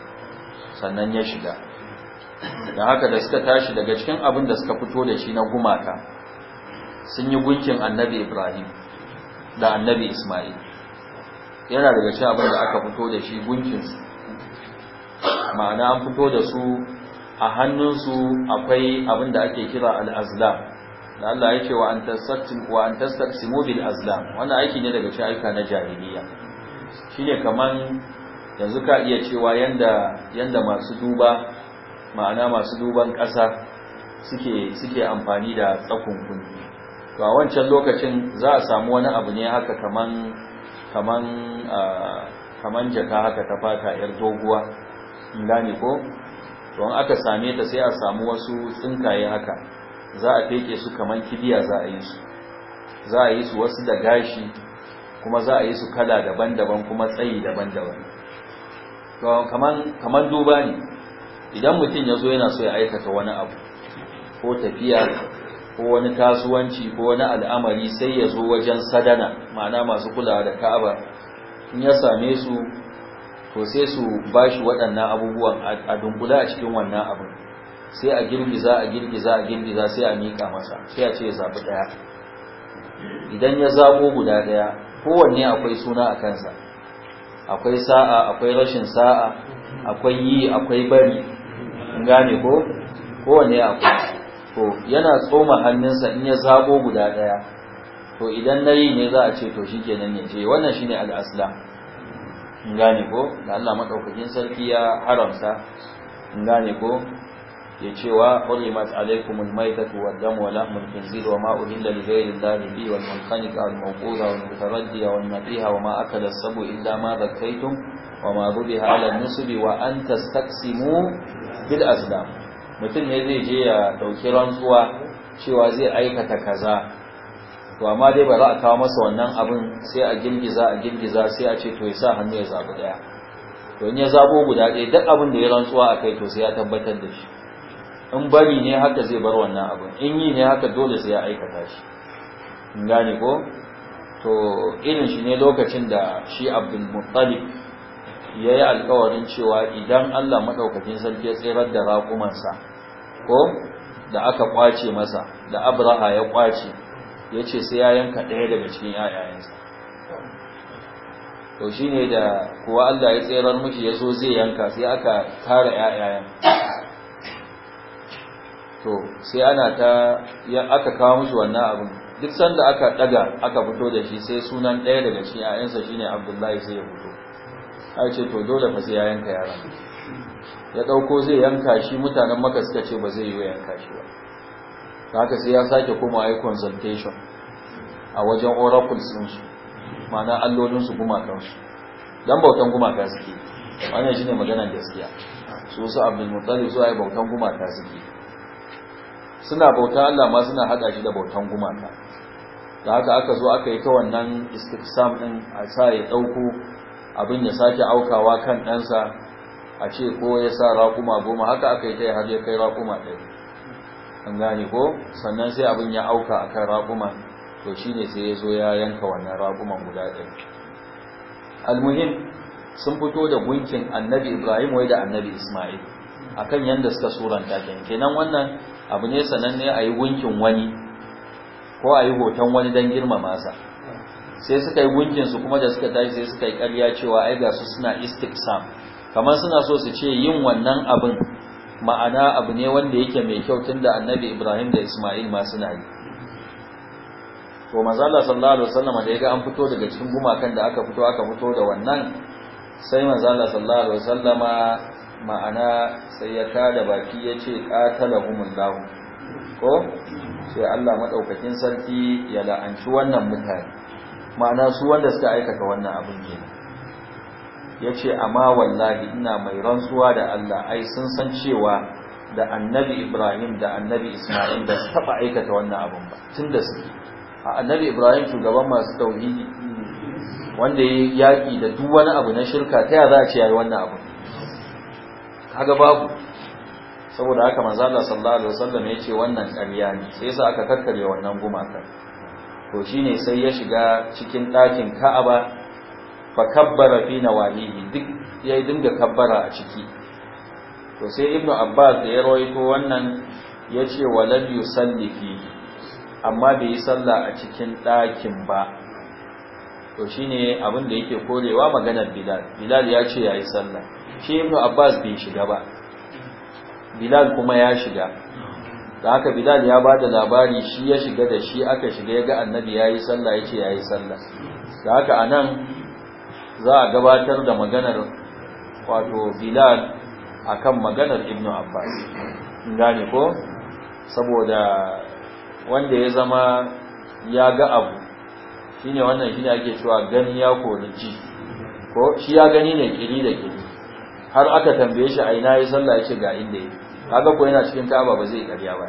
sannan ya shiga da haka da suka tashi daga cikin abin da suka fito da shi na gumaka sun yi gunkin annabi Ibrahim da annabi Ismail yana daga shi abin da aka fito da shi gunkinsu ma'ana an fito da su a hannunsu akwai abin da ake kira al-azlam da Allah ya ce wa an bil azlam wannan aiki ne daga cikin na jahiliya shine kaman yanzu ka iya cewa yanda yanda masu duba ma'ana masu duban ƙasa suke suke amfani da tsakunkuni. to a wancan lokacin za a samu wani abu ne haka kaman kaman kaman jaka haka ta fata yar doguwa gane ko to an aka same ta sai a samu wasu tsinkaye haka za a feke su kaman kibiya za a yi su za a yi su wasu da gashi kuma za a yi su kala daban-daban kuma tsayi daban-daban to kaman kaman duba ne idan mutum ya zo yana so ya aikata wani abu ko tafiya ko wani kasuwanci ko wani al'amari sai ya zo wajen sadana ma'ana masu kulawa da ka'aba in ya same su to sai su bashi waɗannan abubuwan a dunkula a cikin wannan abin sai a girgiza a girgiza a girgiza sai a miƙa masa sai a ce ya zaɓi ɗaya idan ya zaɓo guda ɗaya kowanne akwai suna a kansa akwai sa'a akwai rashin sa'a akwai yi akwai bari in gane ko kowanne akwai to yana tsoma hannunsa in ya zabo guda daya to idan nayi ne za a ce to shikenan ya je wannan shine al-aslam in gane ko da Allah madaukakin sarki ya haramsa. in gane ko ya cewa hurimat alaikumul maitatu wad damu wa lahmul khinzir wa ma uhilla li ghayri llahi bi wal munqanika wal mawquza wal mutaraddiya wal naqiha wa ma akala sabu illa ma dhakaytum wa ma dhubiha ala an-nusubi wa an tastaqsimu bil azlam mutum ne zai je ya dauki rantsuwa cewa zai aikata kaza to amma dai ba za a kawo masa wannan abin sai a girgiza a girgiza sai a ce to ya sa hannu ya zabu daya to in ya zabo guda ɗaya duk abin da ya rantsuwa a kai to sai ya tabbatar da shi in bari ne haka zai bar wannan abin in yi ne haka dole sai ya aikata shi in gane ko to irin shi ne lokacin da shi abdul muttalib ya yi alkawarin cewa idan Allah maɗaukakin sarki ya tsirar da raƙumansa ko da aka ƙwace masa da abraha ya ƙwace ya ce sai ya yanka ɗaya daga cikin ‘ya'yayensa to shi ne da kuwa Allah ya tsirar mushi ya so zai yanka sai aka tara ‘ya'yayen to sai ana ta aka kawo mushi wannan abin duk sanda aka ɗaga aka fito da shi sai sunan ɗaya daga cikin ‘ya'yansa shi ne abdullahi sai ya fito ai ce to dole fa sai ya yanka yaron ya dauko zai yanka shi mutanen maka suka ce ba zai yi yanka shi ba haka sai ya sake kuma ai consultation a wajen oracle sun su ma'ana allolin su kan su dan bautan gumaka suke wannan shine maganar gaskiya su su abdul mutalib su ai bautan gumaka suke suna bauta Allah ma suna hada shi da bautan gumaka da haka aka zo aka yi ta wannan istiqsam din a sa ya dauko abin ya sake aukawa kan ɗansa a ce ko ya sa raƙuma goma haka aka yi ta har ya kai raƙuma ɗari an gane ko sannan sai abin ya auka a kan raƙuma to shi ne sai ya zo ya yanka wannan raƙuma guda ɗari almuhim sun fito da gunkin annabi ibrahim wai da annabi ismail akan yadda suka suranta kenan wannan abu ne ne a yi gunkin wani ko a yi hoton wani don girmama sa sai suka yi gunkin su kuma da suka tashi sai suka yi ƙarya cewa ai ga su suna istiqsam kamar suna so su ce yin wannan abin ma'ana abu ne wanda yake mai kyau tunda annabi Ibrahim da Isma'il ma suna yi to manzo Allah sallallahu alaihi wasallam da yaga an fito daga cikin gumakan da aka fito aka fito da wannan sai manzo Allah sallallahu alaihi wasallama ma'ana sai ya tada baki ya yace qatalahumullahu ko sai Allah madaukakin sarki ya la'anci wannan mutane ma'ana su wanda suka aikata wannan abin ne. Ya ce, amma wallahi ina mai rantsuwa da Allah ai sun san cewa da annabi Ibrahim da annabi Isma'il da su taba aikata wannan abin ba tunda suke annabi Ibrahim shugaban masu tauhidi wanda ya yaki da duk wani abu na shirka ta ya za a ce yayi wannan abu kaga babu saboda haka manzo Allah sallallahu alaihi wasallam ce wannan ƙarya ne sai yasa aka kakkarya wannan gumaka to shine sai ya shiga cikin ɗakin ka'aba fa kabbara fi nawahihi duk ya dinga kabbara a ciki to sai ibnu abbas da ya rawaito wannan ya ce walam yusalli fi amma bai yi sallah a cikin ɗakin ba to shine abin da yake korewa maganar bilal bilal ya ce yayi sallah shi ibnu abbas bai shiga ba bilal kuma ya shiga da haka bilal ya ba da labari shi ya shiga da shi aka shiga ya ga annabi ya yi sallah ya ce ya yi sallah da haka a nan za a gabatar da maganar wato bilal a kan maganar ibn abbas gane ko saboda wanda ya zama ya ga abu shine wannan shine ake cewa gani ya kori ji ko shi ya gani ne kiri da kiri har aka tambaye shi a ina ya sallah ya ce ga inda yi. kaga ko yana cikin taba ba zai ƙarya ba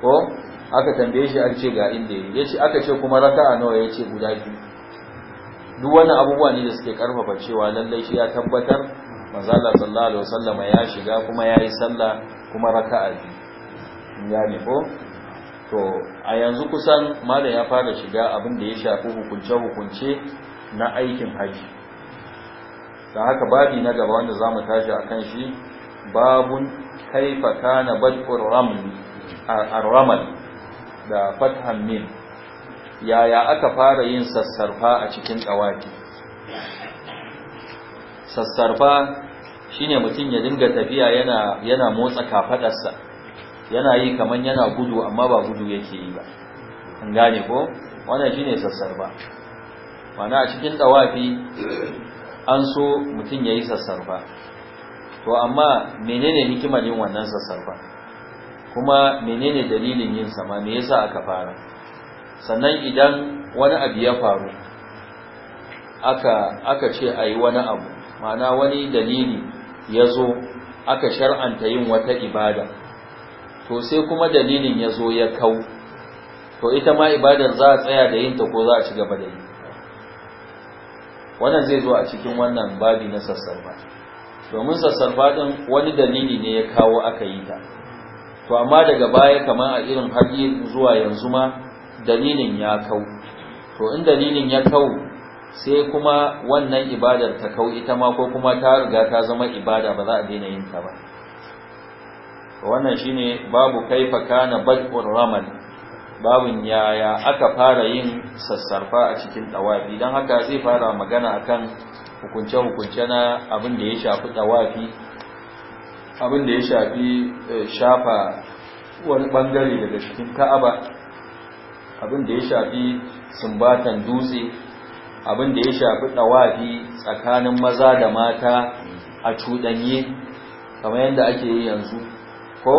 ko aka tambaye shi an ce ga inda yake yace aka ce kuma raka'a nawa yace guda biyu duk wani abubuwa ne da suke karfafa cewa lallai shi ya tabbatar manzala sallallahu alaihi wasallam ya shiga kuma yayi sallah kuma raka'a biyu ne, ko to a yanzu kusan malam ya fara shiga abin da ya shafi hukunce-hukunce na aikin haji da haka babi na gaba wanda za mu tashi a kan shi babun kaifa kana bad'ur raml ar-ramal da fathan min yaya aka fara yin sassarfa a cikin kawaki sassarfa shine mutum ya dinga tafiya yana yana motsa kafadarsa yana yi kaman yana gudu amma ba gudu yake yi ba an gane ko wannan shine sassarfa mana a cikin dawafi an so mutum yayi sassarfa to amma menene hikimar yin wannan sassarfa kuma menene dalilin yin sama me yasa aka fara sannan idan wani abu ya faru aka aka ce ayi wani abu ma'ana wani dalili ya zo aka shar'anta yin wata ibada to sai kuma dalilin ya zo ya kau to ita ma ibadar za a tsaya da yinta ko za a ci gaba da yi wannan zai zo a cikin wannan babi na sassarfa domin sassarfa ɗin, wani dalili ne ya kawo aka yi ta to amma daga baya kamar a irin haƙi zuwa yanzu ma dalilin ya kau to in dalilin ya kau sai kuma wannan ibadar ta kau ita ma ko kuma ta riga ta zama ibada ba za a daina yin ta ba wannan shine babu kaifa kana bad'ur ramal Babin yaya aka fara yin sassarfa a cikin tawafi dan haka zai fara magana akan hukunce-hukunce na abin da ya shafi tawafi abin da ya shafi eh, shafa wani bangare daga cikin ka'aba abin da ya shafi sumbatan dutse abin da ya shafi tawafi tsakanin maza da mata a cuɗanye kamar yadda ake yi yanzu ko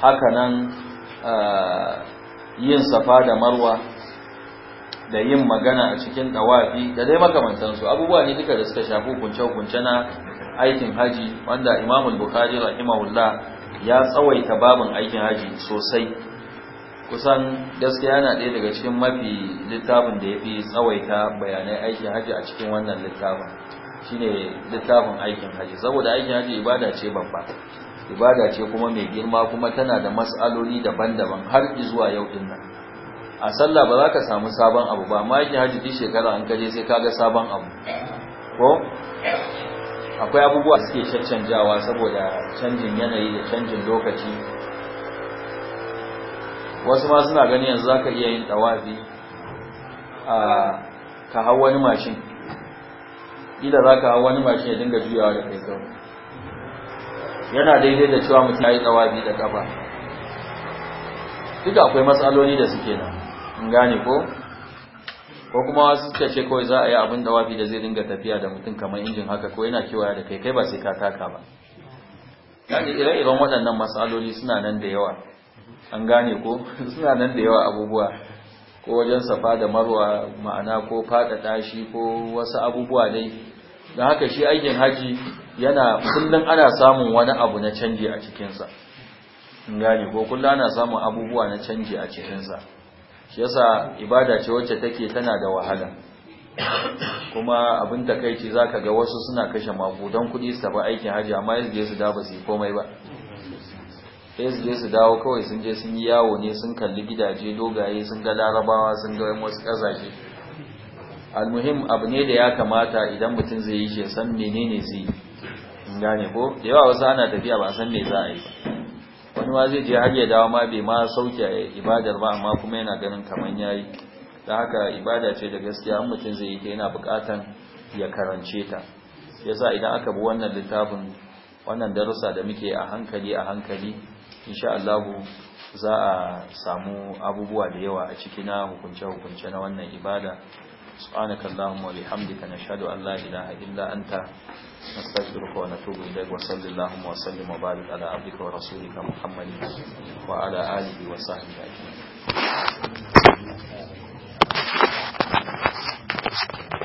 haka nan eh, yin safa da marwa da yin magana a cikin dawafi da dai makamantansu abubuwa ne duka da suka shafi hukunce-hukunce na aikin haji wanda Imam bukhari rahimahullah ya tsawaita babin aikin haji sosai kusan gaskiya yana ɗaya daga cikin mafi littafin da ya fi tsawaita bayanai aikin haji a cikin wannan littafin shine littafin aikin haji saboda aikin haji ibada ce babba ibada ce kuma mai girma kuma tana da matsaloli daban-daban har zuwa yau din nan a sallah ba za ka samu sabon abu ba ma yake hajji duk shekara an kaje sai kaga sabon abu ko akwai abubuwa suke caccanjawa saboda canjin yanayi da canjin lokaci wasu ma suna gani yanzu za ka iya yin tawafi a ka hau wani mashin ila za ka hau wani mashin ya dinga juyawa da kai kawai yana daidai da cewa mutum ya yi tawafi da kafa Duka akwai matsaloli da suke nan in gane ko ko kuma wasu suka ce kawai za a yi abin dawafi da zai dinga tafiya da mutum kamar injin haka ko yana kewaya da kai kai ba sai ka taka ba yani ire-iren waɗannan matsaloli suna nan da yawa an gane ko suna nan da yawa abubuwa ko wajen safa da marwa ma'ana ko faɗaɗa shi ko wasu abubuwa dai don haka shi aikin haji yana kullum ana samun wani abu na canji a cikinsa in gane ko kullum ana samun abubuwa na canji a cikinsa shi yasa ibada ce wacce take tana da wahala kuma abin takaici zaka ga wasu suna kashe makudan kudi su tafi aikin haji amma yanzu je su da ba su komai ba yanzu je su dawo kawai sun je sun yi yawo ne sun kalli gidaje dogaye sun ga larabawa sun ga wasu kasashe almuhim abu ne da ya kamata idan mutum zai yi shi san menene zai yi gane ko da yawa wasu ana tafiya ba san me za a yi ba wani ma zai je har ya dawo ma bai ma sauke ibadar ba amma kuma yana ganin kaman yayi da haka ibada ce da gaskiya an mutum zai yi ta yana bukatan ya karance ta yasa idan aka bi wannan littafin wannan darussa da muke a hankali a hankali insha Allah za a samu abubuwa da yawa a cikin na hukunce-hukunce na wannan ibada subhanakallahumma wa bihamdika nashhadu an la ilaha illa anta نستغفرك ونتوب إليك وصل اللهم وسلم وبارك على عبدك ورسولك محمد وعلى آله وصحبه أجمعين